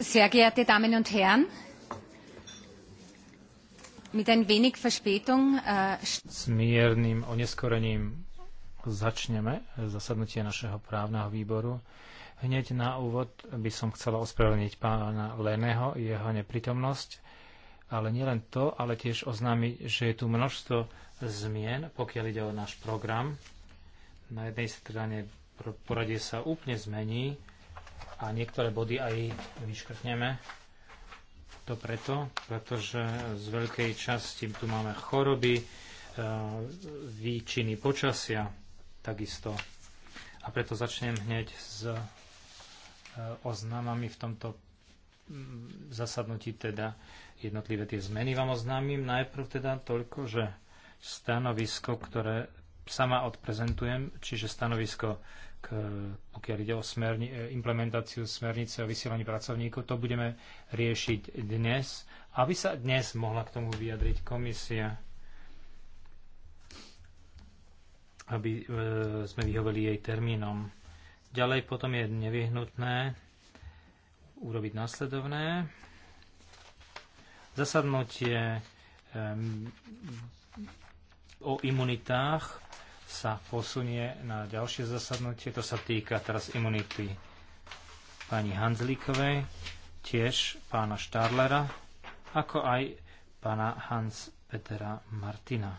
Sehr geehrte Damen und Herren, mit ein wenig Verspätung äh, s miernym oneskorením začneme e, zasadnutie našeho právneho výboru. Hneď na úvod by som chcela ospravedlniť pána Leného, jeho neprítomnosť, ale nielen to, ale tiež oznámiť, že je tu množstvo zmien, pokiaľ ide o náš program. Na jednej strane poradie sa úplne zmení, a niektoré body aj vyškrtneme. To preto, pretože z veľkej časti tu máme choroby, e, výčiny počasia takisto. A preto začnem hneď s e, oznámami v tomto mm, zasadnutí teda jednotlivé tie zmeny vám oznámim. Najprv teda toľko, že stanovisko, ktoré sama odprezentujem, čiže stanovisko k, e, pokiaľ ide o smerni, e, implementáciu smernice o vysielaní pracovníkov, to budeme riešiť dnes, aby sa dnes mohla k tomu vyjadriť komisia, aby e, sme vyhoveli jej termínom. Ďalej potom je nevyhnutné urobiť následovné. Zasadnutie e, o imunitách sa posunie na ďalšie zasadnutie. To sa týka teraz imunity pani Hanzlíkovej, tiež pána Štárlera, ako aj pána Hans Petera Martina.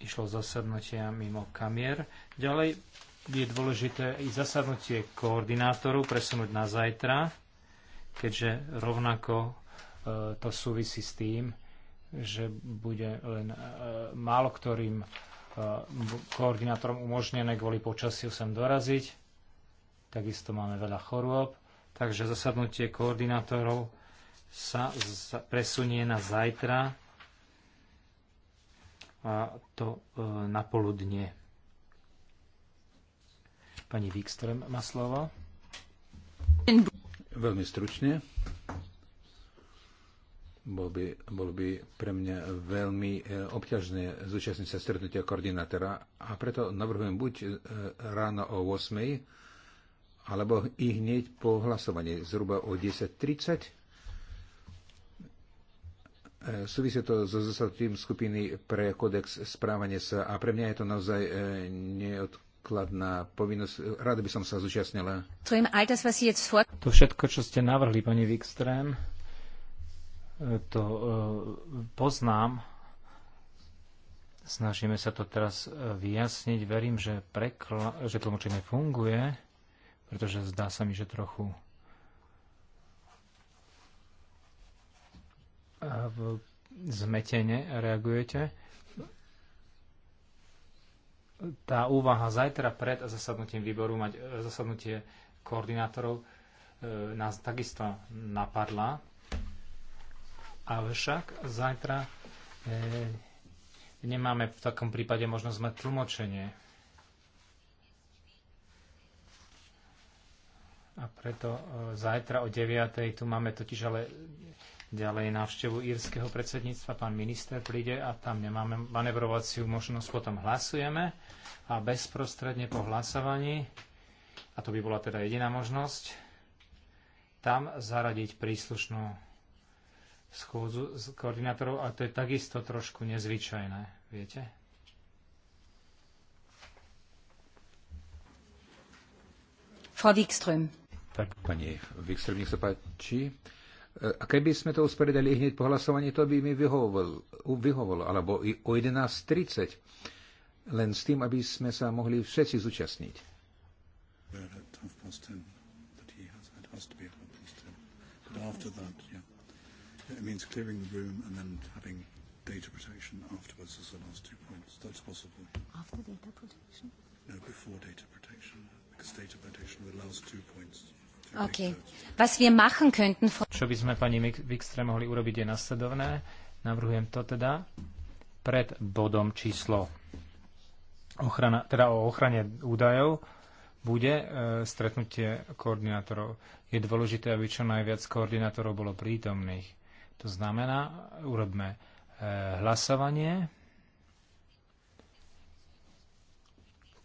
Išlo zasadnutia mimo kamier. Ďalej je dôležité i zasadnutie koordinátorov presunúť na zajtra, keďže rovnako e, to súvisí s tým, že bude len e, málo ktorým e, koordinátorom umožnené kvôli počasiu sem doraziť. Takisto máme veľa chorôb, takže zasadnutie koordinátorov sa presunie na zajtra a to e, na poludne. Pani Wikström má slovo. Veľmi stručne. Bol by, bolo by pre mňa veľmi e, obťažné zúčastniť sa stretnutia koordinátora a preto navrhujem buď e, ráno o 8 alebo i hneď po hlasovaní zhruba o 10.30. E, súvisí to so zasadným skupiny pre kodex správania sa a pre mňa je to naozaj neodkladné základná povinnosť. Rada by som sa zúčastnila. To všetko, čo ste navrhli, pani Wikström, to e, poznám. Snažíme sa to teraz e, vyjasniť. Verím, že, prekla- že tlmočenie funguje, pretože zdá sa mi, že trochu e, zmetene reagujete. Tá úvaha zajtra pred zasadnutím výboru mať zasadnutie koordinátorov nás takisto napadla ale však zajtra e, nemáme v takom prípade možnosť mať tlmočenie. A preto e, zajtra o 9.00 tu máme totiž ale ďalej návštevu írskeho predsedníctva. Pán minister príde a tam nemáme manevrovaciu možnosť. Potom hlasujeme a bezprostredne po hlasovaní, a to by bola teda jediná možnosť, tam zaradiť príslušnú schôdzu s koordinátorov a to je takisto trošku nezvyčajné, viete? Frau Wikström. Tak, pani Wikström, nech sa páči. E, a keby sme to usporiadali hneď po hlasovaní, to by mi vyhovovalo, vyhovovalo alebo i o 11.30, len s tým, aby sme sa mohli všetci zúčastniť. After that, yeah. It means clearing the room and then having data protection afterwards as the last two points. That's possible. After data protection? No, before data protection, because data protection the last two points. Okay. Was wir machen könnten... Čo by sme pani Wikstre mohli urobiť je nasledovné. Navrhujem to teda pred bodom číslo ochrana, teda o ochrane údajov bude e, stretnutie koordinátorov. Je dôležité, aby čo najviac koordinátorov bolo prítomných. To znamená, urobme e, hlasovanie,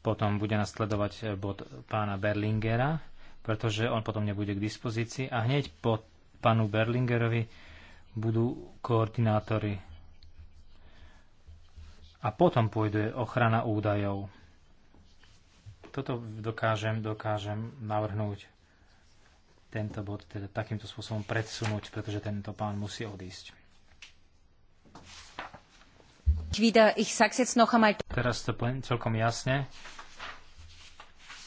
potom bude nasledovať e, bod pána Berlingera, pretože on potom nebude k dispozícii a hneď po pánu Berlingerovi budú koordinátory. a potom pôjde ochrana údajov. Toto dokážem, dokážem navrhnúť tento bod teda takýmto spôsobom predsunúť, pretože tento pán musí odísť. Teraz to poviem celkom jasne.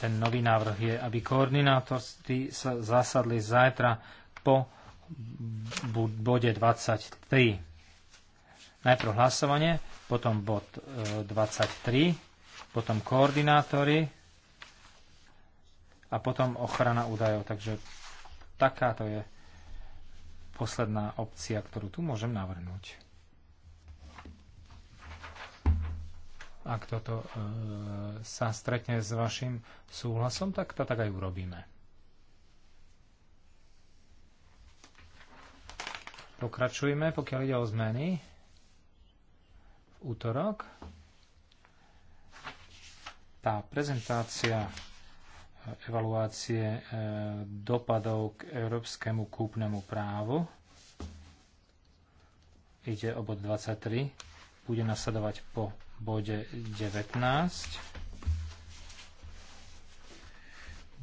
Ten nový návrh je, aby koordinátorství sa zasadli zajtra po bode 23. Najprv hlasovanie, potom bod 23, e, potom koordinátory a potom ochrana údajov. Takže Takáto je posledná opcia, ktorú tu môžem navrhnúť. Ak toto e, sa stretne s vašim súhlasom, tak to tak aj urobíme. Pokračujeme, pokiaľ ide o zmeny. V útorok tá prezentácia evaluácie e, dopadov k európskemu kúpnemu právu. Ide o bod 23. Bude nasledovať po bode 19.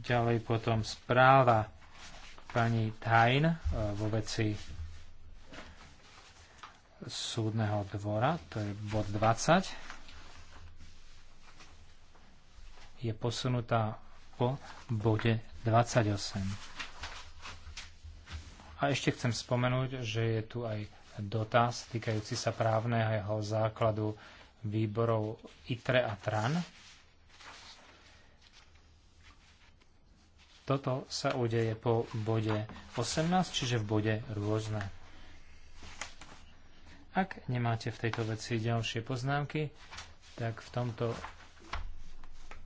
Ďalej potom správa pani Tajn e, vo veci súdneho dvora, to je bod 20. Je posunutá po bode 28. A ešte chcem spomenúť, že je tu aj dotaz týkajúci sa právneho jeho základu výborov ITRE a TRAN. Toto sa udeje po bode 18, čiže v bode rôzne. Ak nemáte v tejto veci ďalšie poznámky, tak v tomto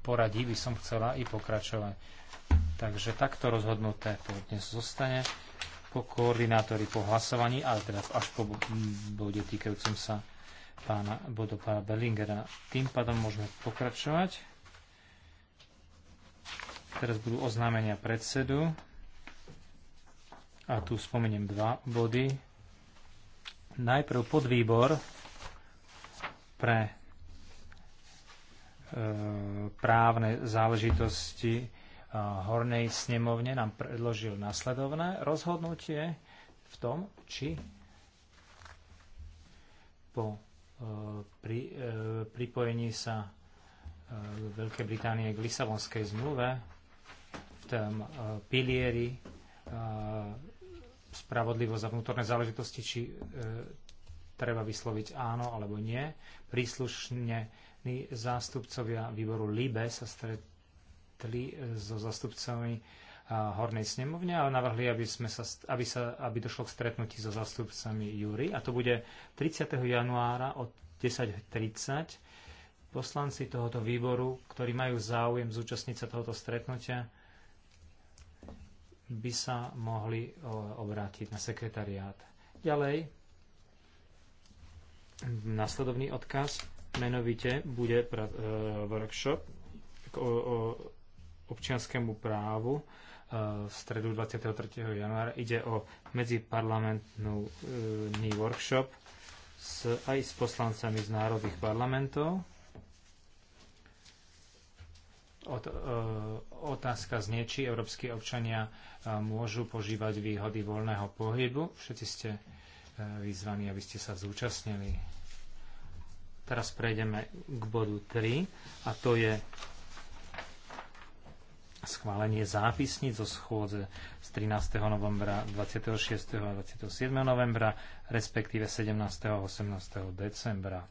poradí by som chcela i pokračovať. Takže takto rozhodnuté to dnes zostane po koordinátori po hlasovaní, ale teda až po bode týkajúcom sa pána bodu pána Bellingera. Tým pádom môžeme pokračovať. Teraz budú oznámenia predsedu. A tu spomeniem dva body. Najprv podvýbor pre E, právne záležitosti e, Hornej snemovne nám predložil nasledovné rozhodnutie v tom, či po e, pri, pripojení sa Veľkej Británie k Lisabonskej zmluve v tom pilieri spravodlivosť a vnútorné záležitosti, či treba vysloviť áno alebo nie. Príslušne my zástupcovia výboru LIBE sa stretli e, so zástupcami e, Hornej snemovne a navrhli, aby, sme sa, aby, sa, aby došlo k stretnutí so zástupcami Júry. A to bude 30. januára od 10.30. Poslanci tohoto výboru, ktorí majú záujem zúčastniť sa tohoto stretnutia, by sa mohli e, obrátiť na sekretariát. Ďalej, nasledovný odkaz Menovite bude e, workshop o, o občianskému právu e, v stredu 23. januára. Ide o medziparlamentný e, workshop s, aj s poslancami z národných parlamentov. Ot, otázka znie, či európsky občania môžu požívať výhody voľného pohybu. Všetci ste vyzvaní, aby ste sa zúčastnili. Teraz prejdeme k bodu 3 a to je schválenie zápisníc zo schôdze z 13. novembra, 26. a 27. novembra, respektíve 17. a 18. decembra. E,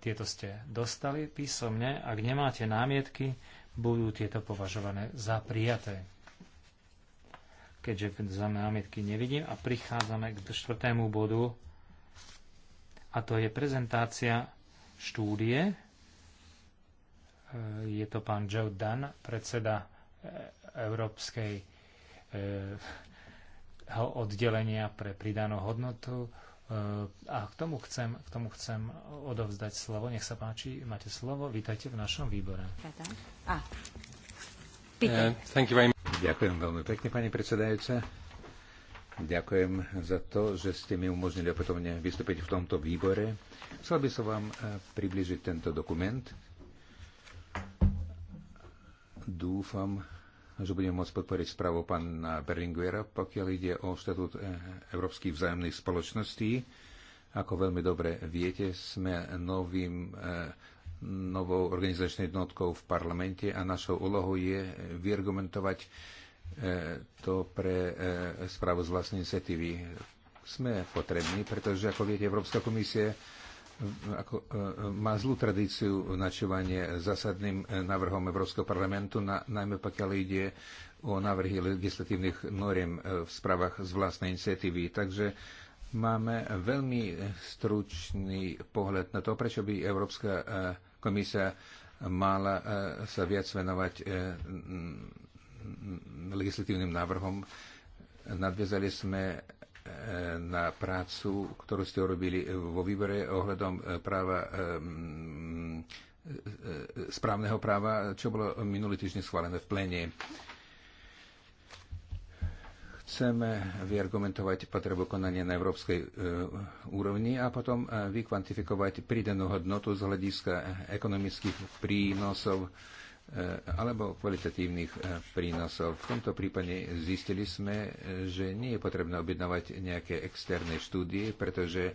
tieto ste dostali písomne. Ak nemáte námietky, budú tieto považované za prijaté. Keďže za námietky nevidím a prichádzame k čtvrtému bodu a to je prezentácia štúdie. E, je to pán Joe Dunn, predseda e, Európskej e, oddelenia pre pridanú hodnotu. A k tomu, chcem, k tomu chcem odovzdať slovo. Nech sa páči, máte slovo. Vítajte v našom výbore. Ďakujem veľmi pekne, pani predsedajúca. Ďakujem za to, že ste mi umožnili opätovne vystúpiť v tomto výbore. Chcel by som vám e, približiť tento dokument. Dúfam, že budem môcť podporiť správu pána Berlinguera, pokiaľ ide o štatút e, Európskych vzájomných spoločností. Ako veľmi dobre viete, sme novým e, novou organizačnou jednotkou v parlamente a našou úlohou je vyargumentovať to pre e, správu z vlastnej iniciatívy. Sme potrební, pretože, ako viete, Európska komisie e, ako, e, má zlú tradíciu načovanie zásadným návrhom Európskeho parlamentu, na, najmä pokiaľ ide o návrhy legislatívnych noriem v správach z vlastnej iniciatívy. Takže máme veľmi stručný pohľad na to, prečo by Európska komisia mala sa viac venovať legislatívnym návrhom. Nadviazali sme e, na prácu, ktorú ste urobili vo výbore ohľadom e, práva e, správneho práva, čo bolo minulý týždeň schválené v plene. Chceme vyargumentovať potrebu konania na európskej úrovni a potom vykvantifikovať pridanú hodnotu z hľadiska ekonomických prínosov E, alebo kvalitatívnych e, prínosov. V tomto prípade zistili sme, e, že nie je potrebné objednávať nejaké externé štúdie, pretože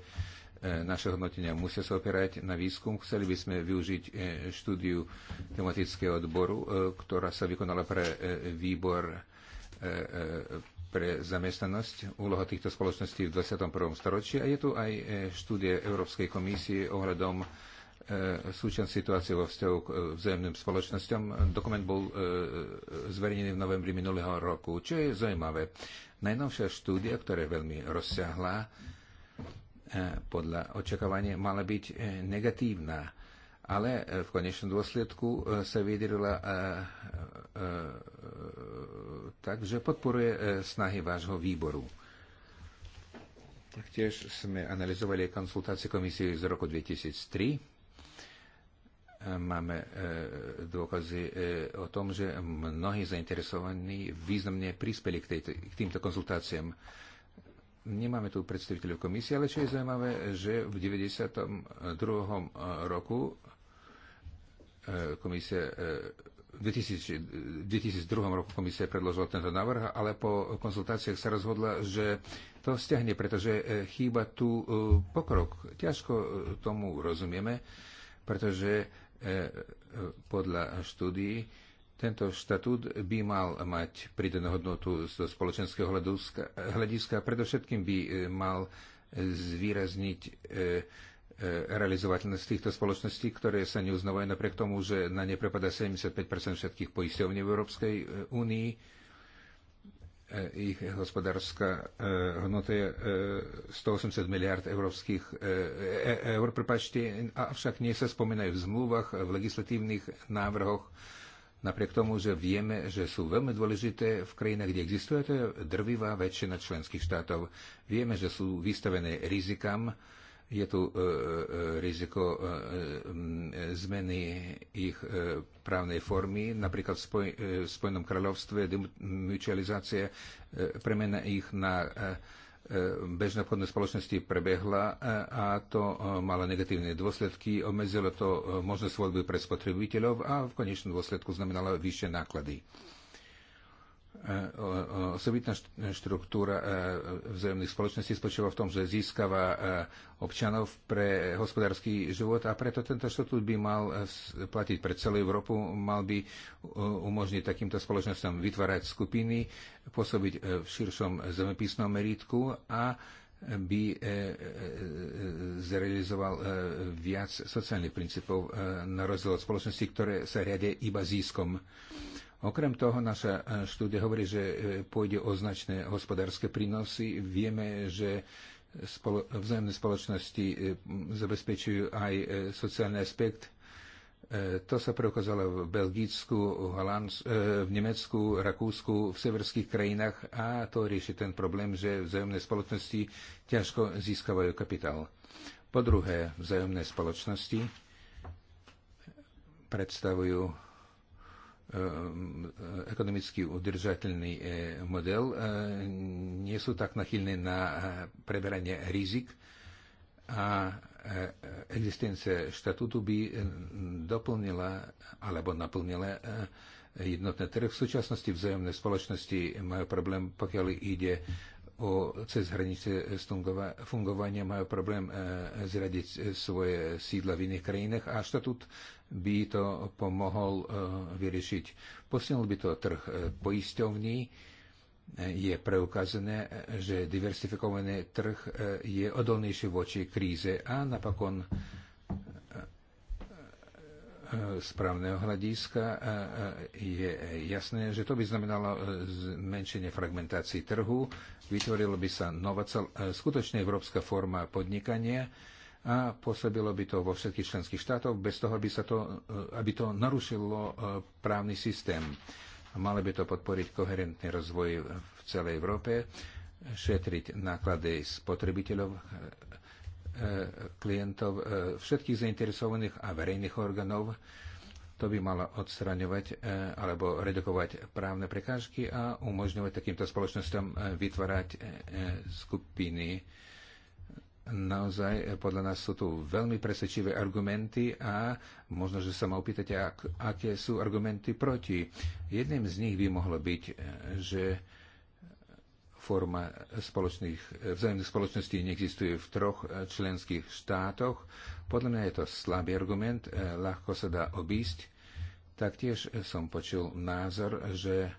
naše hodnotenia musia sa opierať na výskum. Chceli by sme využiť štúdiu tematického odboru, ktorá sa vykonala pre výbor pre zamestnanosť, úloha týchto spoločností v 21. storočí a je tu aj štúdie Európskej komisie ohľadom E, súčasť situácie vo vzťahu k e, vzájomným spoločnosťom. Dokument bol e, zverejnený v novembri minulého roku, čo je zaujímavé. Najnovšia štúdia, ktorá je veľmi rozsiahla, podľa očakávania mala byť negatívna, ale v konečnom dôsledku sa vyjadrila tak, že podporuje snahy vášho výboru. Taktiež sme analyzovali konsultácie komisie z roku 2003 Máme e, dôkazy e, o tom, že mnohí zainteresovaní významne prispeli k, tejto, k týmto konzultáciám. Nemáme tu predstaviteľov komisie, ale čo je zaujímavé, že v 92. E, roku komisia v 2002 roku komisia predložila tento návrh, ale po konzultáciách sa rozhodla, že to stiahne, pretože chýba tu pokrok. Ťažko tomu rozumieme, pretože E, e, podľa štúdií tento štatút by mal mať pridanú hodnotu zo spoločenského hľadiska, predovšetkým by e, mal zvýrazniť realizovateľnosť týchto spoločností, ktoré sa neuznávajú napriek tomu, že na ne prepada 75 všetkých poisťovní v Európskej únii E, ich hospodárska e, hodnota je 180 e, miliard európskych eur, prepačte, avšak nie sa spomínajú v zmluvách, v legislatívnych návrhoch, napriek tomu, že vieme, že sú veľmi dôležité v krajinách, kde existuje, to je drvivá väčšina členských štátov. Vieme, že sú vystavené rizikám, je tu e, e, riziko e, zmeny ich právnej formy, napríklad v Spojenom kráľovstve demutualizácia, premena ich na bežné obchodné spoločnosti prebehla a to malo negatívne dôsledky, obmedzilo to možnosť voľby pre spotrebiteľov a v konečnom dôsledku znamenalo vyššie náklady. E, e, osobitná štruktúra e, vzájomných spoločností spočíva v tom, že získava občanov pre hospodársky život a preto tento štatút by mal platiť pre celú Európu, mal by umožniť takýmto spoločnosťam vytvárať skupiny, pôsobiť v širšom zemepisnom meritku a by zrealizoval viac sociálnych princípov na rozdiel od spoločnosti, ktoré sa riade iba získom. Okrem toho, naša e, štúdia hovorí, že e, pôjde o značné hospodárske prínosy. Vieme, že spolo- vzájomné spoločnosti e, zabezpečujú aj sociálny aspekt. To sa preukázalo v Belgicku, Holands- v Nemecku, Rakúsku, v severských krajinách a to rieši ten problém, že vzájomné spoločnosti ťažko získavajú kapitál. Po druhé, vzájomné spoločnosti predstavujú Ehm, ekonomicky udržateľný eh, model, eh, nie sú tak nachylné na eh, preberanie rizik a existencia štatútu by doplnila alebo naplnila jednotné trh. V súčasnosti vzájomné spoločnosti majú problém, pokiaľ ide o cez hranice fungovania, majú problém zradiť svoje sídla v iných krajinách a štatút by to pomohol e, vyriešiť. Posilnil by to trh e, poisťovní. E, je preukázané, že diversifikovaný trh je odolnejší voči kríze a napokon správneho hľadiska je jasné, že to by znamenalo zmenšenie fragmentácií trhu, vytvorila by sa nová cel, skutočne európska forma podnikania, a pôsobilo by to vo všetkých členských štátoch bez toho, aby, sa to, e, aby to narušilo e, právny systém. Malo by to podporiť koherentný rozvoj v celej Európe, šetriť náklady spotrebiteľov, e, klientov, všetkých zainteresovaných a verejných orgánov, to by malo odstraňovať alebo redukovať právne prekážky a umožňovať takýmto spoločnosťom vytvárať skupiny Naozaj, eh, podľa nás sú tu veľmi presvedčivé argumenty a možno, že sa ma opýtate, ak, aké sú argumenty proti. Jedným z nich by mohlo byť, eh, že forma spoločných, eh, vzájomných spoločností neexistuje v troch členských štátoch. Podľa mňa je to slabý argument, ľahko sa dá obísť. Taktiež som počul názor, že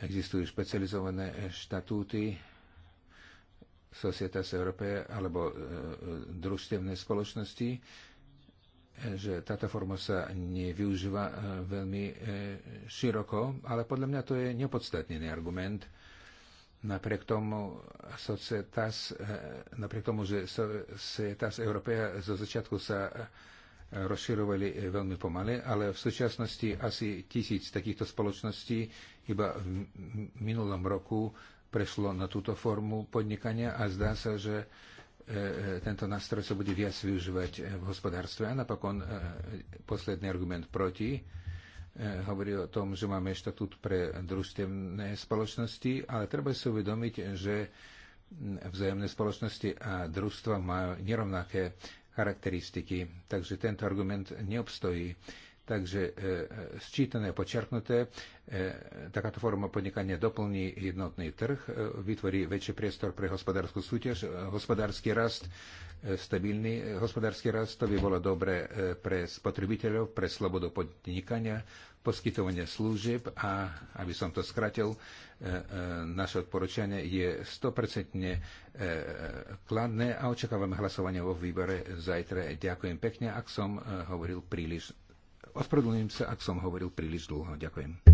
existujú špecializované štatúty Societas Europe alebo e, e, družstevnej spoločnosti, e, že táto forma sa nevyužíva veľmi široko, ale podľa mňa to je nepodstatnený argument. Napriek tomu, societas, napriek tomu, že Societas Europea zo začiatku sa rozširovali veľmi pomaly, ale v súčasnosti asi tisíc takýchto spoločností iba v minulom roku prešlo na túto formu podnikania a zdá sa, že e, e, tento nástroj sa bude viac využívať e, v hospodárstve. A napokon posledný argument proti hovorí o tom, že máme štatút pre družstevné spoločnosti, ale treba si uvedomiť, že vzájomné spoločnosti a družstva majú nerovnaké charakteristiky, takže tento argument neobstojí. Takže e, e, sčítané a e, takáto forma podnikania doplní jednotný trh, e, vytvorí väčší priestor pre hospodárskú súťaž, hospodársky rast, stabilný hospodársky rast, to by bolo dobre pre spotrebiteľov, pre slobodu podnikania, poskytovanie služieb a, aby som to skratil, naše odporúčanie je 100% kladné a očakávame hlasovanie vo výbore zajtra. Ďakujem pekne, ak som hovoril príliš Ospravedlňujem sa, ak som hovoril príliš dlho. Ďakujem.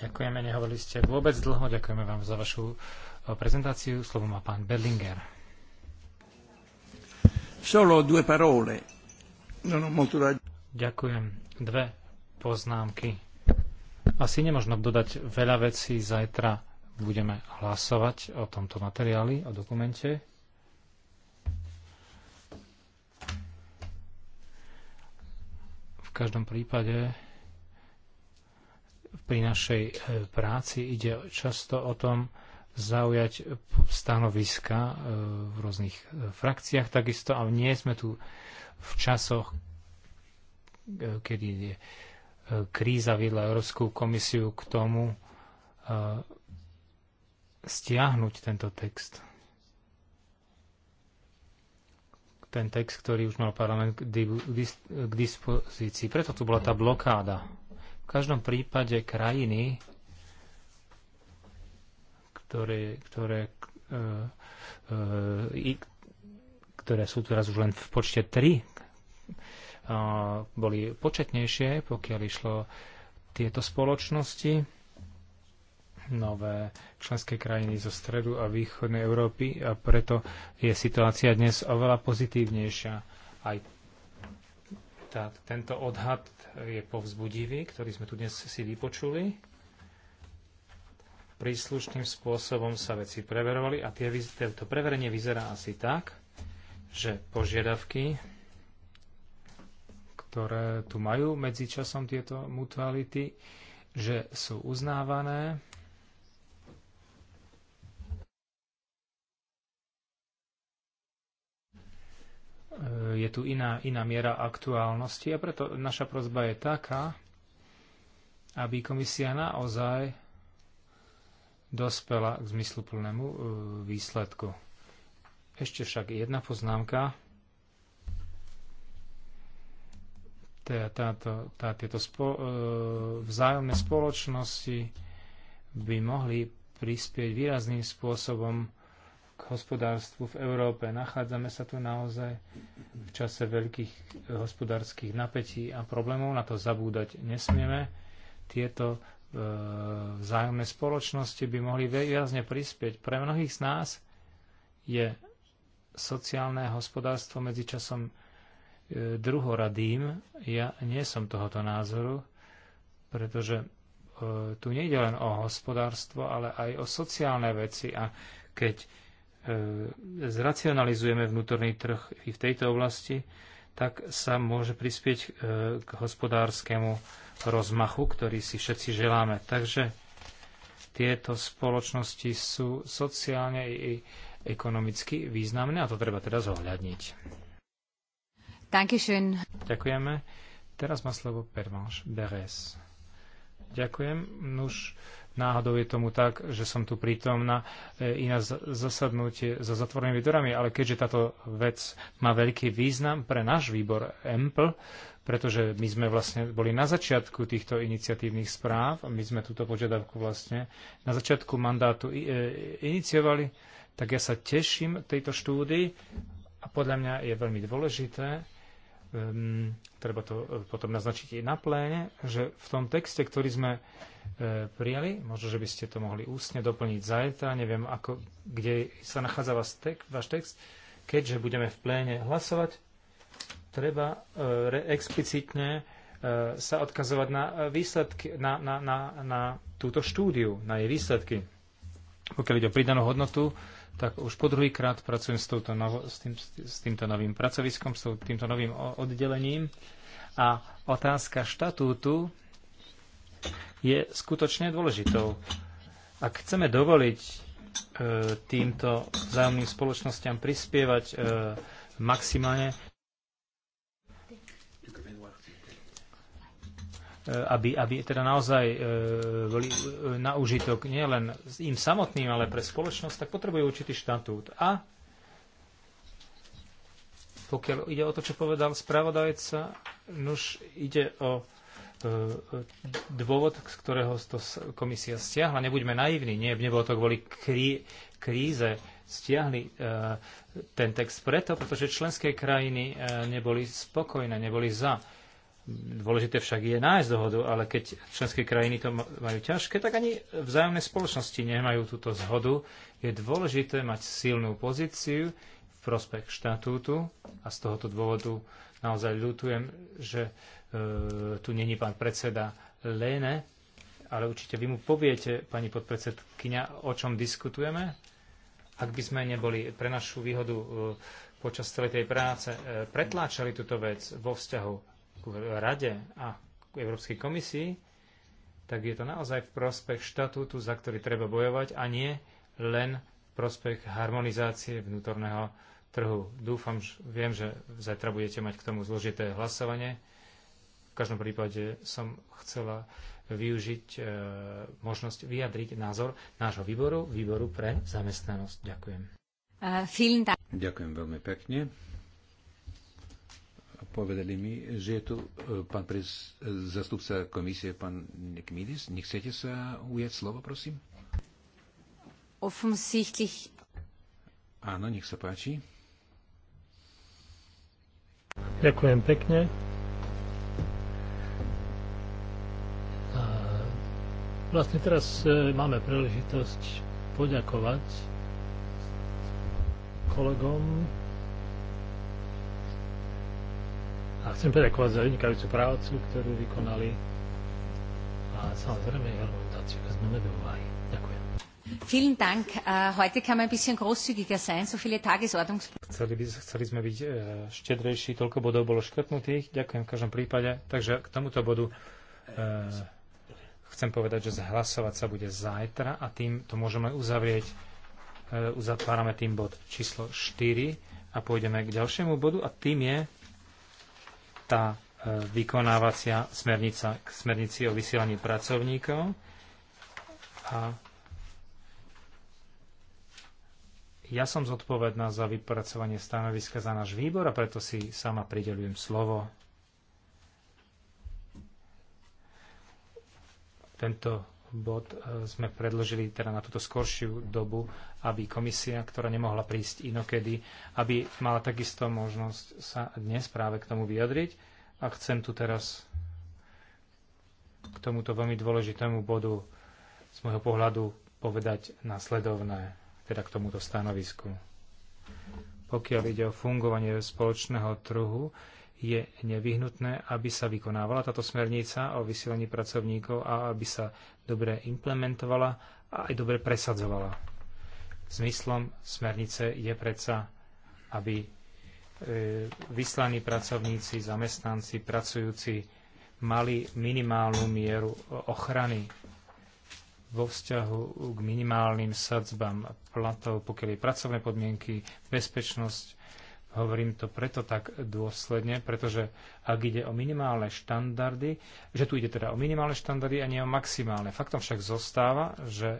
Ďakujeme, nehovorili ste vôbec dlho. Ďakujeme vám za vašu eh, prezentáciu. Slovo má pán Berlinger. Solo due parole. molto da... Ďakujem. Dve poznámky. Asi nemožno dodať veľa vecí. Zajtra budeme hlasovať o tomto materiáli, o dokumente. každom prípade pri našej e, práci ide často o tom zaujať stanoviska e, v rôznych e, frakciách takisto ale nie sme tu v časoch, kedy je kríza viedla Európsku komisiu k tomu stiahnuť tento text. ten text, ktorý už mal parlament k dispozícii. Preto tu bola tá blokáda. V každom prípade krajiny, ktoré, ktoré, e, e, ktoré sú teraz už len v počte tri e, boli početnejšie, pokiaľ išlo tieto spoločnosti nové členské krajiny zo stredu a východnej Európy a preto je situácia dnes oveľa pozitívnejšia. Aj tá, tento odhad je povzbudivý, ktorý sme tu dnes si vypočuli. Príslušným spôsobom sa veci preverovali a tie, to preverenie vyzerá asi tak, že požiadavky, ktoré tu majú medzičasom tieto mutuality, že sú uznávané je tu iná, iná miera aktuálnosti a preto naša prozba je taká, aby komisia naozaj dospela k zmysluplnému e, výsledku. Ešte však jedna poznámka. Táto, tá, tieto spo, e, vzájomné spoločnosti by mohli prispieť výrazným spôsobom k hospodárstvu v Európe. Nachádzame sa tu naozaj v čase veľkých eh, hospodárskych napätí a problémov. Na to zabúdať nesmieme. Tieto eh, vzájomné spoločnosti by mohli výrazne prispieť. Pre mnohých z nás je sociálne hospodárstvo medzičasom eh, druhoradým. Ja nie som tohoto názoru, pretože tu nejde len o hospodárstvo, ale aj o sociálne veci. A keď E, zracionalizujeme vnútorný trh i v tejto oblasti, tak sa môže prispieť e, k hospodárskému rozmachu, ktorý si všetci želáme. Takže tieto spoločnosti sú sociálne i ekonomicky významné a to treba teda zohľadniť. Dankeschön. Ďakujeme. Teraz má slovo Permanche Beres. Ďakujem. Nuž, no náhodou je tomu tak, že som tu prítomná e, i na zasadnutie za zatvorenými dverami, ale keďže táto vec má veľký význam pre náš výbor EMPL, pretože my sme vlastne boli na začiatku týchto iniciatívnych správ, my sme túto požiadavku vlastne na začiatku mandátu e, iniciovali, tak ja sa teším tejto štúdii a podľa mňa je veľmi dôležité, um, treba to e, potom naznačiť i na pléne, že v tom texte, ktorý sme e, prijali, možno, že by ste to mohli ústne doplniť zajtra, neviem, ako, kde sa nachádza váš, tek, váš text, keďže budeme v pléne hlasovať, treba e, re, explicitne e, sa odkazovať na e, výsledky, na, na, na, na túto štúdiu, na jej výsledky. Pokiaľ ide o pridanú hodnotu, e, tak už po druhýkrát pracujem s, touto novo, s, tým, s týmto novým pracoviskom, s týmto novým oddelením. A otázka štatútu je skutočne dôležitou. Ak chceme dovoliť e, týmto vzájomným spoločnosťam prispievať e, maximálne, Eh, aby, aby teda naozaj eh, boli eh, na užitok nielen im samotným, ale pre spoločnosť, tak potrebujú určitý štatút. A pokiaľ ide o to, čo povedal spravodajca, nuž ide o dôvod, z ktorého to komisia stiahla. Nebuďme naivní, nie, nebolo to kvôli krí, kríze. Stiahli e, ten text preto, pretože členské krajiny e, neboli spokojné, neboli za. E, Dôležité však je nájsť dohodu, ale keď členské krajiny to majú ťažké, tak ani vzájomné spoločnosti nemajú túto zhodu. Je dôležité mať silnú pozíciu v prospech štatútu a z tohoto dôvodu naozaj ľutujem, že e, tu není pán predseda Lene, ale určite vy mu poviete, pani podpredsedkynia, o čom diskutujeme. Ak by sme neboli pre našu výhodu e, počas celej tej práce e, pretláčali túto vec vo vzťahu k Rade a k Európskej komisii, tak je to naozaj v prospech štatútu, za ktorý treba bojovať a nie len v prospech harmonizácie vnútorného trhu. Dúfam, že viem, že zajtra budete mať k tomu zložité hlasovanie. V každom prípade som chcela využiť e, možnosť vyjadriť názor nášho výboru, výboru pre zamestnanosť. Ďakujem. Ďakujem veľmi pekne povedali mi, že je tu e, pán prez, zastupca komisie, pán Nekmidis. Nechcete sa ujať slovo, prosím? Offensichtlich. Áno, nech sa páči. Ďakujem pekne. vlastne teraz e, máme príležitosť poďakovať kolegom A chcem poďakovať za vynikajúcu prácu, ktorú vykonali a samozrejme aj argumentáciu vezmeme do úvahy. Ďakujem. Vielen Dank. Äh, heute kann man ein bisschen großzügiger sein. So viele Tagesordnungspunkte. Chceli, chceli sme byť äh, štedrejší, toľko bodov bolo škrtnutých. Ďakujem v každom prípade. Takže k tomuto bodu äh, chcem povedať, že hlasovať sa bude zajtra a tým to môžeme uzavrieť. Eh, uzatvárame tým bod číslo 4 a pôjdeme k ďalšiemu bodu a tým je tá e, vykonávacia smernica k smernici o vysielaní pracovníkov. A ja som zodpovedná za vypracovanie stanoviska za náš výbor a preto si sama pridelujem slovo. Tento bod e, sme predložili teda na túto skoršiu dobu, aby komisia, ktorá nemohla prísť inokedy, aby mala takisto možnosť sa dnes práve k tomu vyjadriť. A chcem tu teraz k tomuto veľmi dôležitému bodu z môjho pohľadu povedať nasledovné, teda k tomuto stanovisku. Pokiaľ ide o fungovanie spoločného trhu, je nevyhnutné, aby sa vykonávala táto smernica o vysielaní pracovníkov a aby sa dobre implementovala a aj dobre presadzovala. Zmyslom smernice je predsa, aby e, vyslaní pracovníci, zamestnanci, pracujúci mali minimálnu mieru ochrany vo vzťahu k minimálnym sadzbám platov, pokiaľ je pracovné podmienky, bezpečnosť, Hovorím to preto tak dôsledne, pretože ak ide o minimálne štandardy, že tu ide teda o minimálne štandardy a nie o maximálne. Faktom však zostáva, že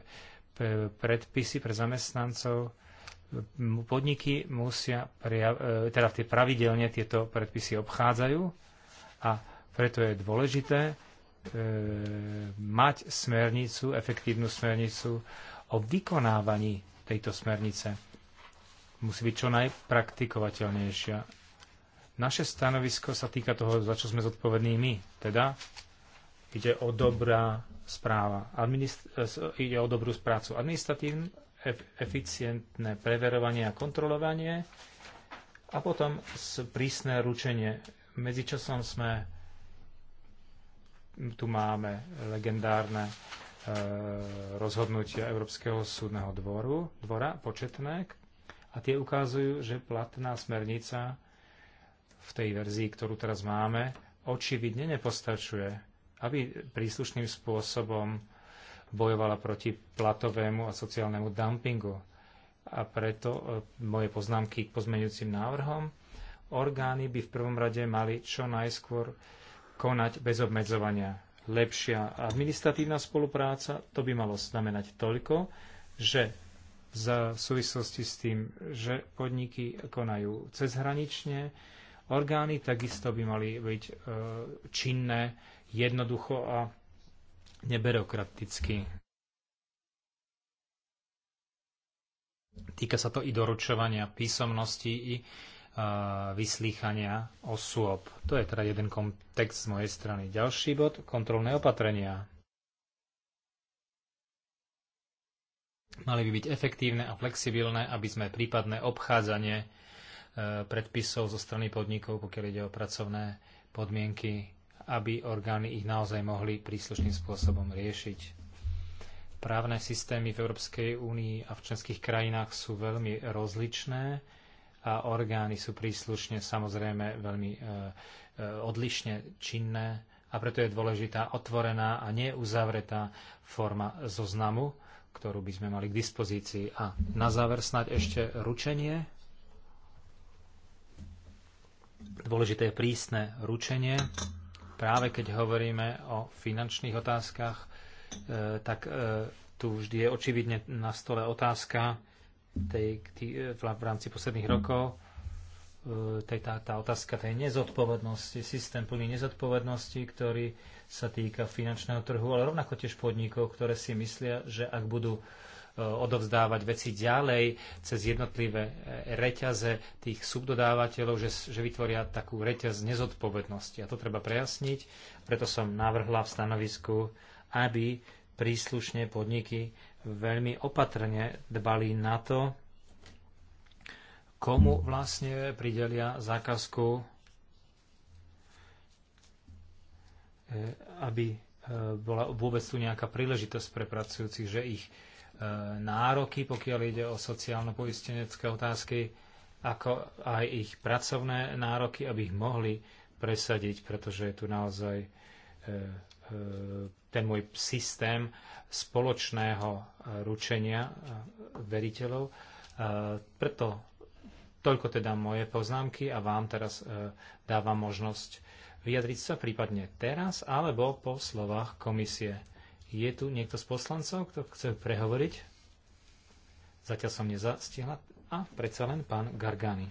predpisy pre zamestnancov podniky musia, e, teda tie pravidelne tieto predpisy obchádzajú a preto je dôležité e, mať smernicu, efektívnu smernicu o vykonávaní tejto smernice musí byť čo najpraktikovateľnejšia. Naše stanovisko sa týka toho, za čo sme zodpovední my. Teda ide o dobrá správa, Administ- ide o dobrú správcu administratívnu, eficientné preverovanie a kontrolovanie a potom prísne ručenie. Medzičasom sme tu máme legendárne e, rozhodnutia Európskeho súdneho dvoru, dvora početné, a tie ukazujú, že platná smernica v tej verzii, ktorú teraz máme, očividne nepostačuje, aby príslušným spôsobom bojovala proti platovému a sociálnemu dumpingu. A preto e, moje poznámky k pozmeňujúcim návrhom. Orgány by v prvom rade mali čo najskôr konať bez obmedzovania. Lepšia administratívna spolupráca, to by malo znamenať toľko, že v súvislosti s tým, že podniky konajú cezhranične. Orgány takisto by mali byť e, činné jednoducho a neberokraticky. Týka sa to i doručovania písomností, i e, vyslýchania osôb. To je teda jeden kontext z mojej strany. Ďalší bod, kontrolné opatrenia Mali by byť efektívne a flexibilné, aby sme prípadné obchádzanie e, predpisov zo strany podnikov, pokiaľ ide o pracovné podmienky, aby orgány ich naozaj mohli príslušným spôsobom riešiť. Právne systémy v Európskej únii a v členských krajinách sú veľmi rozličné a orgány sú príslušne samozrejme veľmi e, e, odlišne činné a preto je dôležitá otvorená a neuzavretá forma zoznamu, ktorú by sme mali k dispozícii. A na záver snáď ešte ručenie. Dôležité je prísne ručenie. Práve keď hovoríme o finančných otázkach, e, tak e, tu vždy je očividne na stole otázka tej, tý, e, v rámci posledných rokov, E, tá, tá otázka tej nezodpovednosti, systém plný nezodpovednosti, ktorý sa týka finančného trhu, ale rovnako tiež podnikov, ktoré si myslia, že ak budú e, odovzdávať veci ďalej cez jednotlivé e, reťaze tých subdodávateľov, že, že vytvoria takú reťaz nezodpovednosti. A to treba prejasniť, preto som navrhla v stanovisku, aby príslušne podniky veľmi opatrne dbali na to, komu vlastne pridelia zákazku, e, aby e, bola vôbec tu nejaká príležitosť pre pracujúcich, že ich e, nároky, pokiaľ ide o sociálno-poistenecké otázky, ako aj ich pracovné nároky, aby ich mohli presadiť, pretože je tu naozaj ten môj systém spoločného ručenia veriteľov. Preto Toľko teda moje poznámky a vám teraz e, dávam možnosť vyjadriť sa prípadne teraz alebo po slovách komisie. Je tu niekto z poslancov, kto chce prehovoriť? Zatiaľ som nezastihla. A predsa len pán Gargani.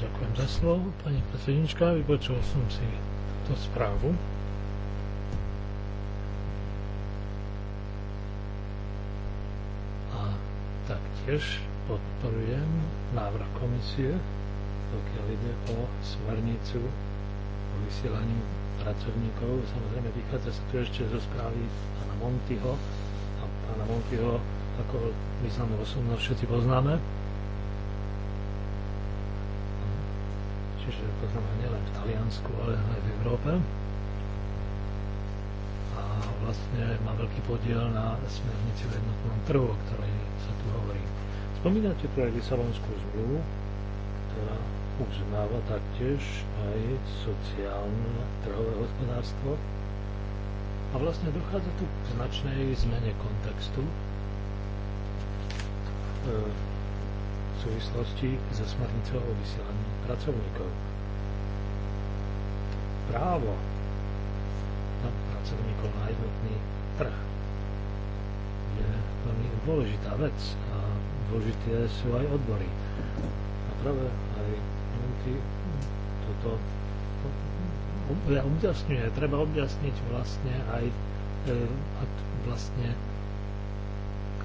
ďakujem za slovo, pani predsednička. Vypočul som si tú správu tiež podporujem návrh komisie, pokiaľ ide o smernicu o vysielaní pracovníkov. Samozrejme, vychádza sa tu ešte zo správy pána Montyho a pána Montyho ako významnú osobnosť všetci poznáme. Čiže poznáme nielen v Taliansku, ale aj v Európe. A vlastne má veľký podiel na smernici o jednotnom trhu, o ktorej sa tu hovorí. Spomínate tu aj Lisabonskú zmluvu, ktorá uznáva taktiež aj sociálne trhové hospodárstvo. A vlastne dochádza tu k značnej zmene kontextu e, v súvislosti so smernicou o vysielaní pracovníkov. Právo na pracovníkov na jednotný trh je veľmi dôležitá vec a dôležité sú aj odbory. A práve aj minuty toto objasňuje, treba objasniť vlastne aj e, vlastne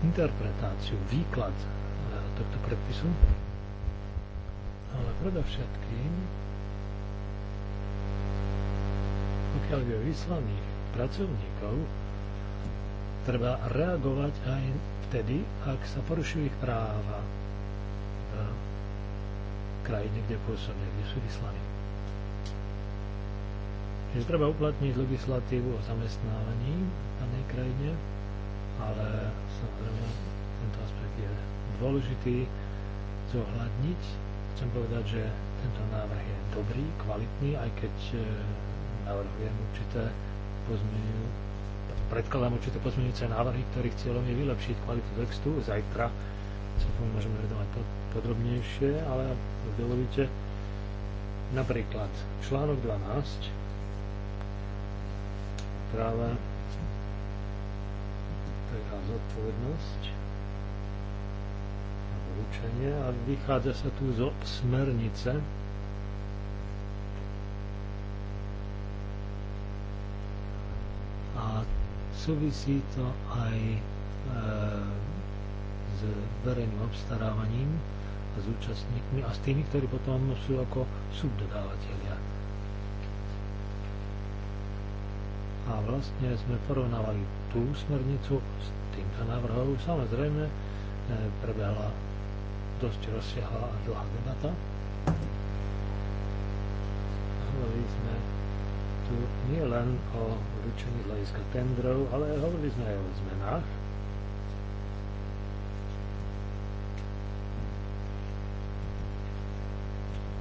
interpretáciu, výklad e, tohto predpisu, ale predovšetkým, pokiaľ je vyslaných pracovníkov, treba reagovať aj vtedy, ak sa porušujú ich práva v e, krajine, kde pôsobia, kde sú vyslaní. Čiže treba uplatniť legislatívu o zamestnávaní v danej krajine, ale samozrejme tento aspekt je dôležitý zohľadniť. Chcem povedať, že tento návrh je dobrý, kvalitný, aj keď e, navrhujem určité pozmeňujúce predkladám určité pozmeňujúce návrhy, ktorých cieľom je vylepšiť kvalitu textu. Zajtra sa tomu môžeme vedovať podrobnejšie, ale dovolíte, napríklad článok 12, práve teda zodpovednosť a vyučenie a vychádza sa tu zo smernice súvisí to aj e, s verejným obstarávaním a s účastníkmi a s tými, ktorí potom sú ako subdodávateľia. A vlastne sme porovnávali tú smernicu s týmto návrhom. Samozrejme, e, prebehla dosť rozsiahla a dlhá debata. Hovorili sme tu nie len o ručení hľadiska tendrov, ale hovorili sme aj o zmenách.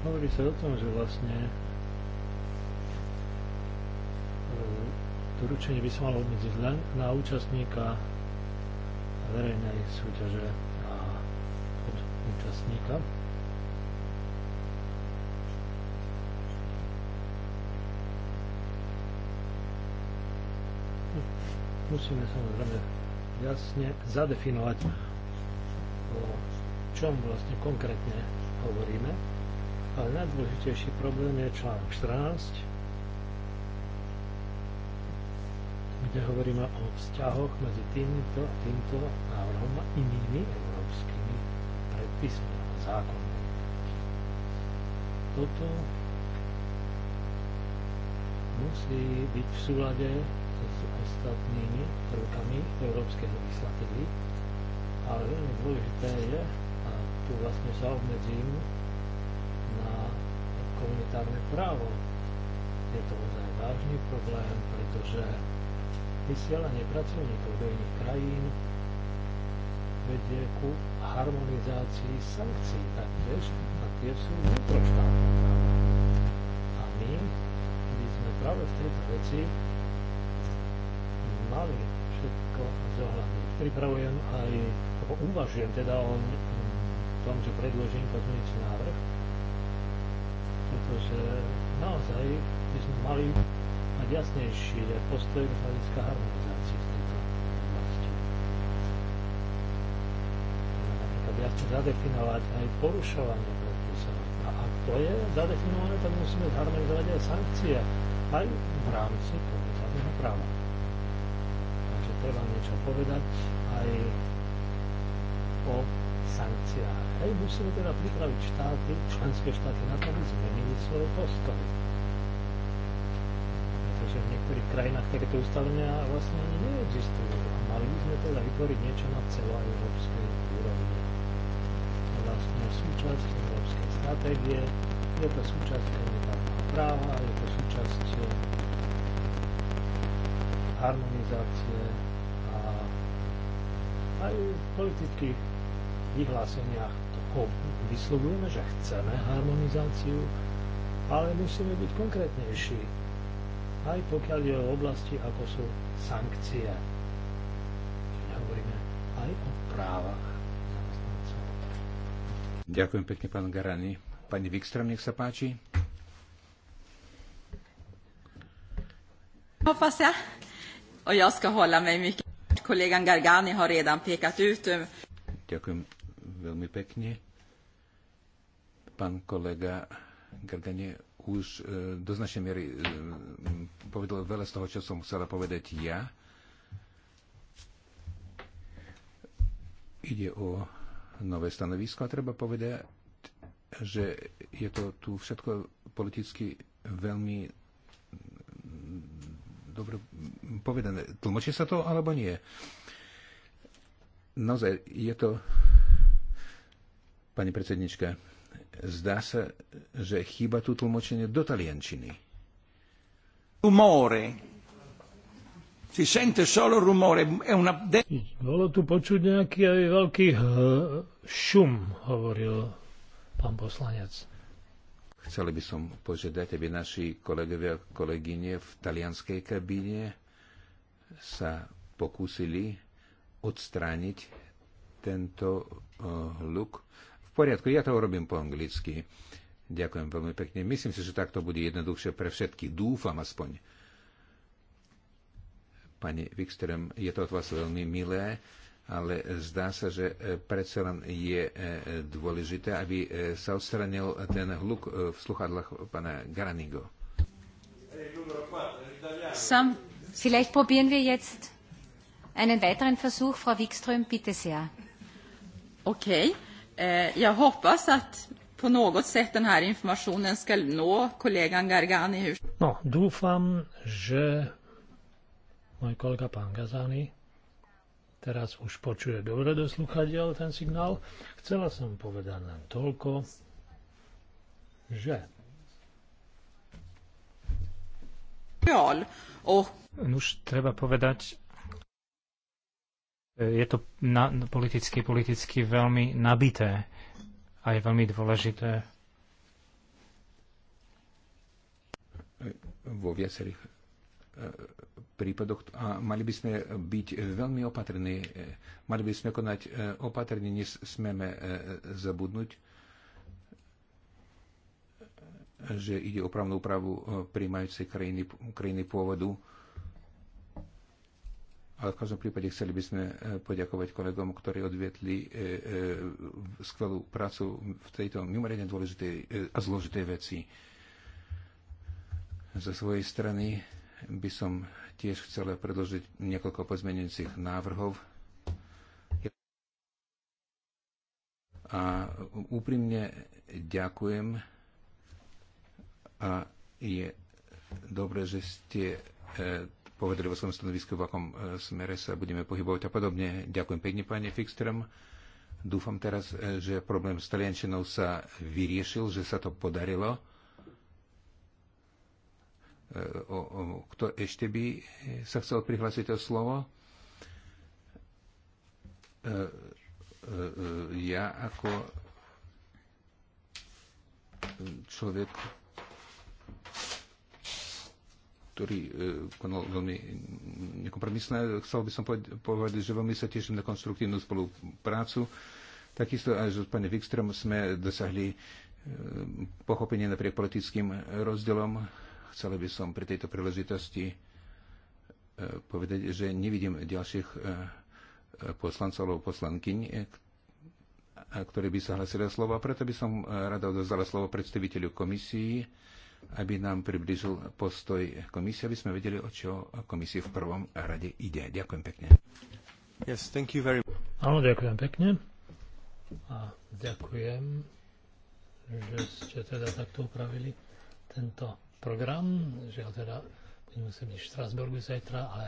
Hovorí sa o tom, že vlastne e, to ručenie by sa malo obmedziť len na účastníka verejnej súťaže a účastníka musíme samozrejme jasne zadefinovať, o čom vlastne konkrétne hovoríme. Ale najdôležitejší problém je článok 14, kde hovoríme o vzťahoch medzi týmto, týmto návrhom a inými európskymi predpismi a zákonmi. Toto musí byť v súlade ako s ostatnými prvkami európskej legislatívy, ale veľmi dôležité je, a tu vlastne sa obmedzím na komunitárne právo. Je to ozaj vážny problém, pretože vysielanie pracovníkov do iných krajín vedie ku harmonizácii sankcií taktiež a tie sú vnútroštátne práva. A my by sme práve v tejto veci mali všetko zohľadniť. Pripravujem aj, alebo uvažujem teda o tom, že predložím pozmeňujúci návrh, pretože naozaj by sme mali mať jasnejšie postoj z hľadiska harmonizácie v tejto oblasti. Napríklad jasne zadefinovať aj porušovanie predpisov. A ak to je zadefinované, tak musíme zharmonizovať aj sankcie aj v rámci komunitárneho práva treba niečo povedať aj o sankciách. Hej, musíme teda pripraviť štáty, členské štáty na to, aby zmenili svoje postoje. Pretože v niektorých krajinách takéto ustalenia vlastne ani neexistujú. A mali by sme teda vytvoriť niečo na celoeurópskej úrovni. To vlastne je súčasť európskej stratégie, je to súčasť komunitárneho práva, je to súčasť harmonizácie aj v politických vyhláseniach to vyslovujeme, že chceme harmonizáciu, ale musíme byť konkrétnejší, aj pokiaľ je o oblasti, ako sú sankcie. Hovoríme aj o právach zamestnancov. Ďakujem pekne, pán Garani. Pani Wikström, nech sa páči. Hoppas jag. Och jag ska hålla mig mycket kollégan Gargáni har redan pekat ut. Ďakujem veľmi pekne. Pán kolega Gargani už e, do značnej miery e, povedal veľa z toho, čo som chcela povedať ja. Ide o nové stanovisko a treba povedať, že je to tu všetko politicky veľmi dobre povedané. Tlmočí sa to alebo nie? Naozaj, je to... Pani predsednička, zdá sa, že chýba tu tlmočenie do taliančiny. Rumore. Si sente solo rumore. È una... Bolo tu počuť nejaký veľký šum, hovoril pán poslanec. Chceli by som požiadať, aby naši kolegovia a kolegyne v talianskej kabíne sa pokúsili odstrániť tento hluk. Eh, v poriadku, ja to urobím po anglicky. Ďakujem veľmi pekne. Myslím si, že takto bude jednoduchšie pre všetky. Dúfam aspoň. Pani Wikström, je to od vás veľmi milé ale zdá sa, že e, predsa len je e, dôležité, aby e, sa odstranil ten hluk v sluchadlách pána Garanigo. Sam, vielleicht probieren wir jetzt einen weiteren Versuch. Frau Wikström, bitte sehr. Okay. Eh, jag hoppas att på något sätt den här informationen ska nå kollegan Gargani. No, dúfam, že môj kolega pán Gazani Teraz už počuje dobre do sluchadiel ten signál. Chcela som povedať len toľko, že... Oh. Už treba povedať, je to na, politicky, politicky veľmi nabité a je veľmi dôležité vo viacerých E, prípadoch a mali by sme byť veľmi opatrní. E, mali by sme konať e, opatrne, než zabudnúť, že ide o právnu úpravu príjmajúcej krajiny, krajiny pôvodu. Ale v každom prípade chceli by sme poďakovať kolegom, ktorí odvietli skvelú prácu v tejto mimoriadne dôležitej a zložitej veci. Ze svojej strany by som tiež chcela predložiť niekoľko pozmenujúcich návrhov. A úprimne ďakujem a je dobre, že ste e, povedali vo svojom stanovisku, v akom e, smere sa budeme pohybovať a podobne. Ďakujem pekne, pani Fixtrom. Dúfam teraz, e, že problém s taliančinou sa vyriešil, že sa to podarilo kto ešte by sa chcel prihlásiť o slovo? E, e, e, ja ako človek, ktorý konal veľmi nekompromisné. Chcel by som povedať, že veľmi sa teším na konstruktívnu spoluprácu. Takisto aj s pani Wikström sme dosahli pochopenie napriek politickým rozdielom Chcela by som pri tejto príležitosti e, povedať, že nevidím ďalších e, poslancov alebo poslankyň, e, ktorí by sa hlasili o slovo. Preto by som rada odozdala slovo predstaviteľu komisii, aby nám približil postoj komisie, aby sme vedeli, o čo komisii v prvom rade ide. Ďakujem pekne. Yes, thank you very much. Áno, ďakujem pekne. A ďakujem, že ste teda takto upravili tento program, že teda budeme musieť byť v Strasburgu zajtra, ale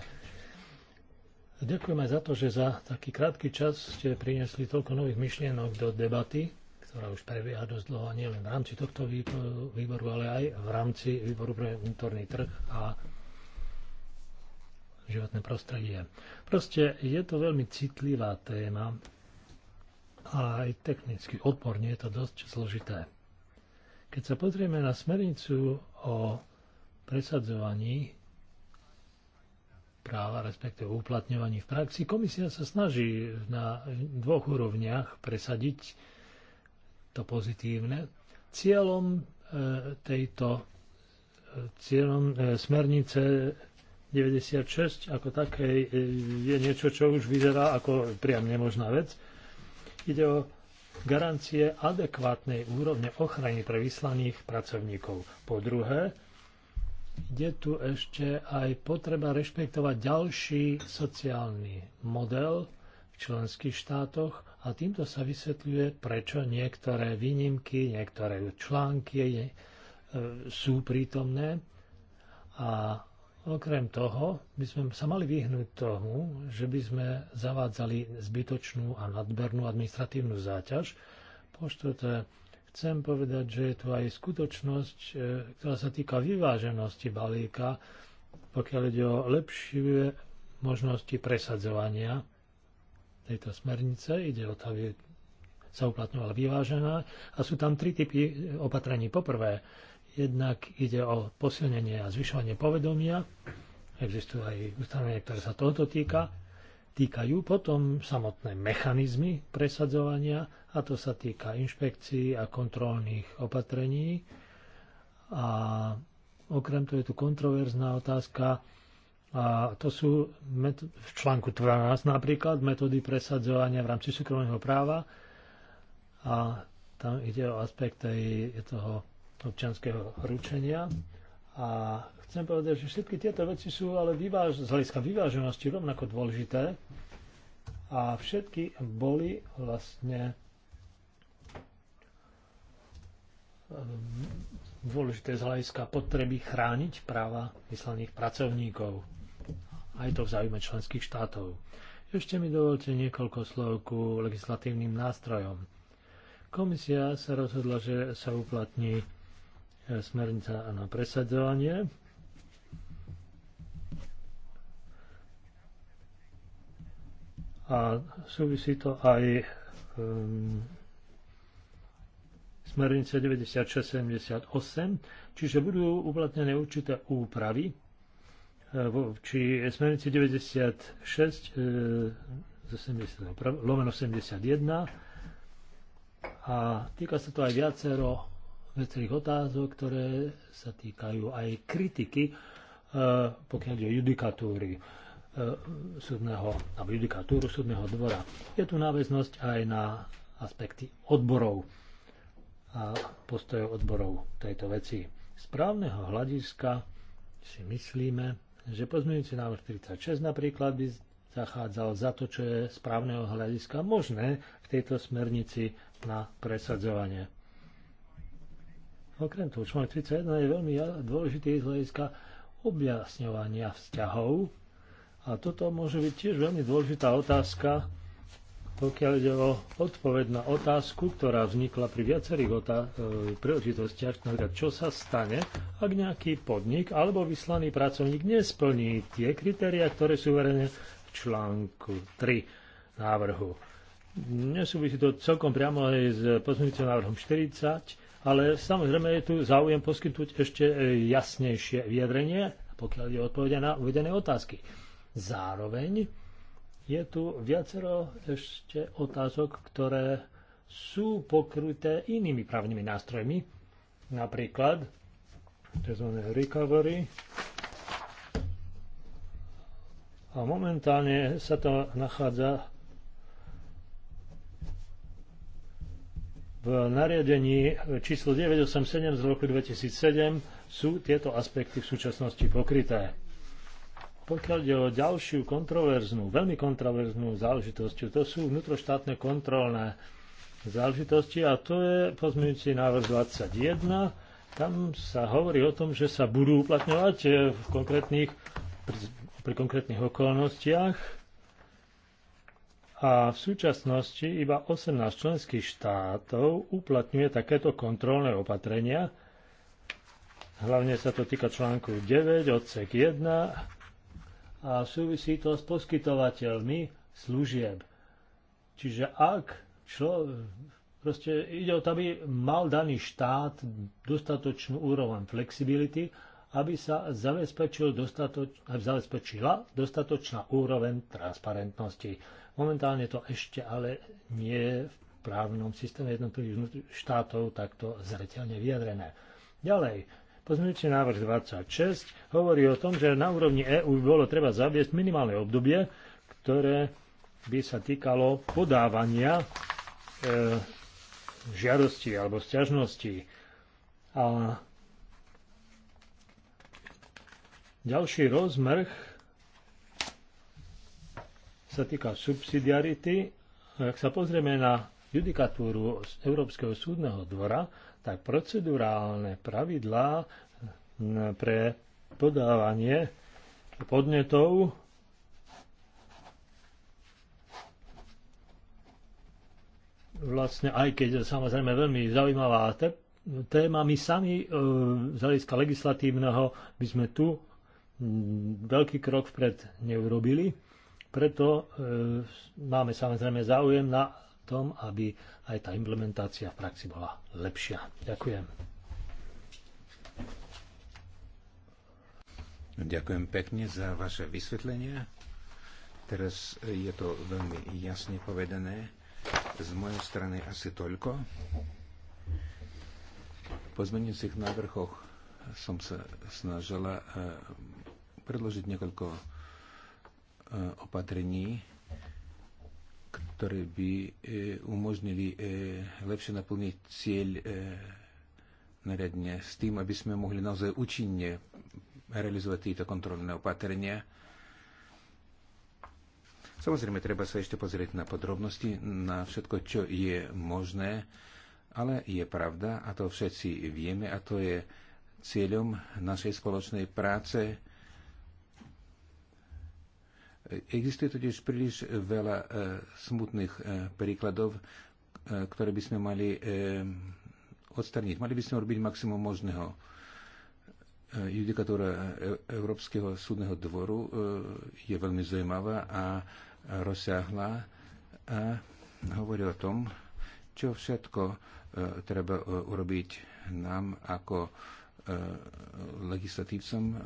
ďakujem aj za to, že za taký krátky čas ste priniesli toľko nových myšlienok do debaty, ktorá už prebieha dosť dlho, nielen v rámci tohto výboru, ale aj v rámci výboru pre vnútorný trh a životné prostredie. Proste je to veľmi citlivá téma a aj technicky odporne je to dosť zložité. Keď sa pozrieme na smernicu o presadzovaní práva, respektíve uplatňovaní v praxi. Komisia sa snaží na dvoch úrovniach presadiť to pozitívne. Cieľom e, tejto e, cieľom e, smernice 96 ako také je niečo, čo už vyzerá ako priam nemožná vec. Ide o garancie adekvátnej úrovne ochrany pre vyslaných pracovníkov. Po druhé, je tu ešte aj potreba rešpektovať ďalší sociálny model v členských štátoch a týmto sa vysvetľuje, prečo niektoré výnimky, niektoré články e, sú prítomné a Okrem toho by sme sa mali vyhnúť tomu, že by sme zavádzali zbytočnú a nadbernú administratívnu záťaž. Po chcem povedať, že je tu aj skutočnosť, e, ktorá sa týka vyváženosti balíka, pokiaľ ide o lepšie možnosti presadzovania tejto smernice. Ide o to, aby sa uplatňovala vyvážená. A sú tam tri typy opatrení. Poprvé, Jednak ide o posilnenie a zvyšovanie povedomia. Existujú aj ustanovenia, ktoré sa tohoto týka. Týkajú potom samotné mechanizmy presadzovania a to sa týka inšpekcií a kontrolných opatrení. A okrem toho je tu kontroverzná otázka, a to sú v článku 12 napríklad metódy presadzovania v rámci súkromného práva a tam ide o aspekt aj toho občianského ručenia. A chcem povedať, že všetky tieto veci sú ale vyváž- z hľadiska vyváženosti rovnako dôležité. A všetky boli vlastne ehm, dôležité z hľadiska potreby chrániť práva vyslaných pracovníkov. Aj to v záujme členských štátov. Ešte mi dovolte niekoľko slov ku legislatívnym nástrojom. Komisia sa rozhodla, že sa uplatní E, smernica na presadzovanie. A súvisí to aj um, smernice 9678, čiže budú uplatnené určité úpravy e, či smernici 96 e, lomeno 71 a týka sa to aj viacero viacerých otázok, ktoré sa týkajú aj kritiky, e, pokiaľ je judikatúry e, súdneho, alebo judikatúru súdneho dvora. Je tu náväznosť aj na aspekty odborov a postojov odborov tejto veci. Z právneho hľadiska si myslíme, že pozmeňujúci návrh 36 napríklad by zachádzal za to, čo je z právneho hľadiska možné v tejto smernici na presadzovanie Okrem toho, článok 31 je veľmi dôležitý z hľadiska objasňovania vzťahov. A toto môže byť tiež veľmi dôležitá otázka, pokiaľ ide o odpoveď na otázku, ktorá vznikla pri viacerých otá- e, príležitostiach, napríklad čo sa stane, ak nejaký podnik alebo vyslaný pracovník nesplní tie kritéria, ktoré sú verejne v článku 3 návrhu. Nesúvisí to celkom priamo aj s pozmeňujúcim návrhom 40, ale samozrejme je tu záujem poskytnúť ešte e, jasnejšie vyjadrenie, pokiaľ je odpovede na uvedené otázky. Zároveň je tu viacero ešte otázok, ktoré sú pokryté inými právnymi nástrojmi, napríklad tzv. recovery. A momentálne sa to nachádza V nariadení číslo 987 z roku 2007 sú tieto aspekty v súčasnosti pokryté. Pokiaľ ide o ďalšiu kontroverznú, veľmi kontroverznú záležitosť, to sú vnútroštátne kontrolné záležitosti a to je pozmeňujúci návrh 21. Tam sa hovorí o tom, že sa budú uplatňovať v konkrétnych, pri, pri konkrétnych okolnostiach a v súčasnosti iba 18 členských štátov uplatňuje takéto kontrolné opatrenia. Hlavne sa to týka článku 9, odsek 1 a súvisí to s poskytovateľmi služieb. Čiže ak člo, proste ide o to, aby mal daný štát dostatočnú úroveň flexibility, aby sa zabezpečil dostatoč, aby zabezpečila dostatočná úroveň transparentnosti Momentálne to ešte ale nie je v právnom systéme jednotlivých štátov takto zreteľne vyjadrené. Ďalej, pozmeňujúci návrh 26 hovorí o tom, že na úrovni EÚ bolo treba zaviesť minimálne obdobie, ktoré by sa týkalo podávania e, žiadosti alebo stiažnosti. A ďalší rozmerh sa týka subsidiarity, no ak sa pozrieme na judikatúru z Európskeho súdneho dvora, tak procedurálne pravidlá pre podávanie podnetov vlastne aj keď je samozrejme veľmi zaujímavá téma, my sami e, z hľadiska legislatívneho by sme tu veľký krok vpred neurobili. Preto e, máme samozrejme záujem na tom, aby aj tá implementácia v praxi bola lepšia. Ďakujem. Ďakujem pekne za vaše vysvetlenie. Teraz je to veľmi jasne povedané. Z mojej strany asi toľko. Po zmenujúcich návrhoch som sa snažila e, predložiť niekoľko E, opatrení, ktoré by e, umožnili e, lepšie naplniť cieľ nariadenia s tým, aby sme mohli naozaj účinne realizovať tieto kontrolné opatrenia. Samozrejme, treba sa ešte pozrieť na podrobnosti, na všetko, čo je možné, ale je pravda, a to všetci vieme, a to je cieľom našej spoločnej práce, Existuje totiž príliš veľa e, smutných e, príkladov, e, ktoré by sme mali odstraniť. Mali by sme robiť maximum možného. Judikatúra Európskeho súdneho dvoru je veľmi zaujímavá a rozsiahla a hovorí o tom, čo všetko treba urobiť nám ako legislatívcom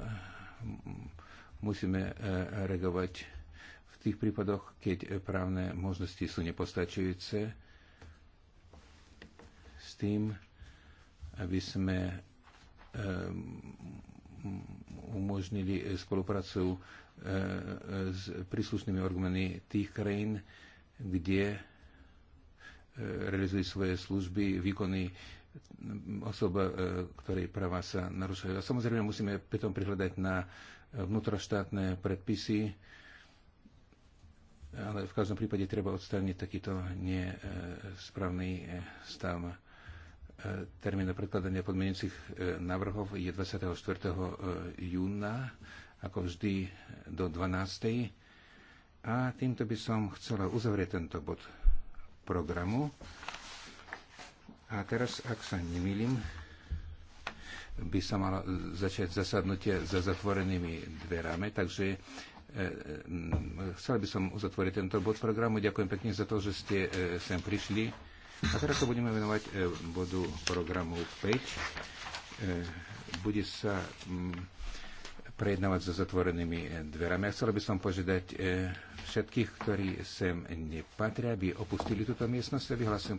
Musíme e, reagovať v tých prípadoch, keď e, právne možnosti sú nepostačujúce s tým, aby sme e, umožnili spoluprácu s príslušnými orgánmi tých krajín, kde realizujú svoje služby, výkony osoba, ktorej práva sa narušajú. A samozrejme musíme potom prihľadať na vnútroštátne predpisy, ale v každom prípade treba odstrániť takýto nesprávny eh, stav. Eh, termín na predkladanie podmienujúcich eh, návrhov je 24. júna, ako vždy do 12. A týmto by som chcela uzavrieť tento bod programu. A teraz, ak sa nemýlim, by sa malo začať zasadnutie za zatvorenými dverami, takže e, chcel by som uzatvoriť tento bod programu. Ďakujem pekne za to, že ste e, sem prišli. A teraz sa budeme venovať e, bodu programu 5. Bude sa prejednávať za zatvorenými dverami. Ja chcel by som požiadať všetkých, ktorí sem nepatria, aby opustili túto miestnosť a vyhlasujem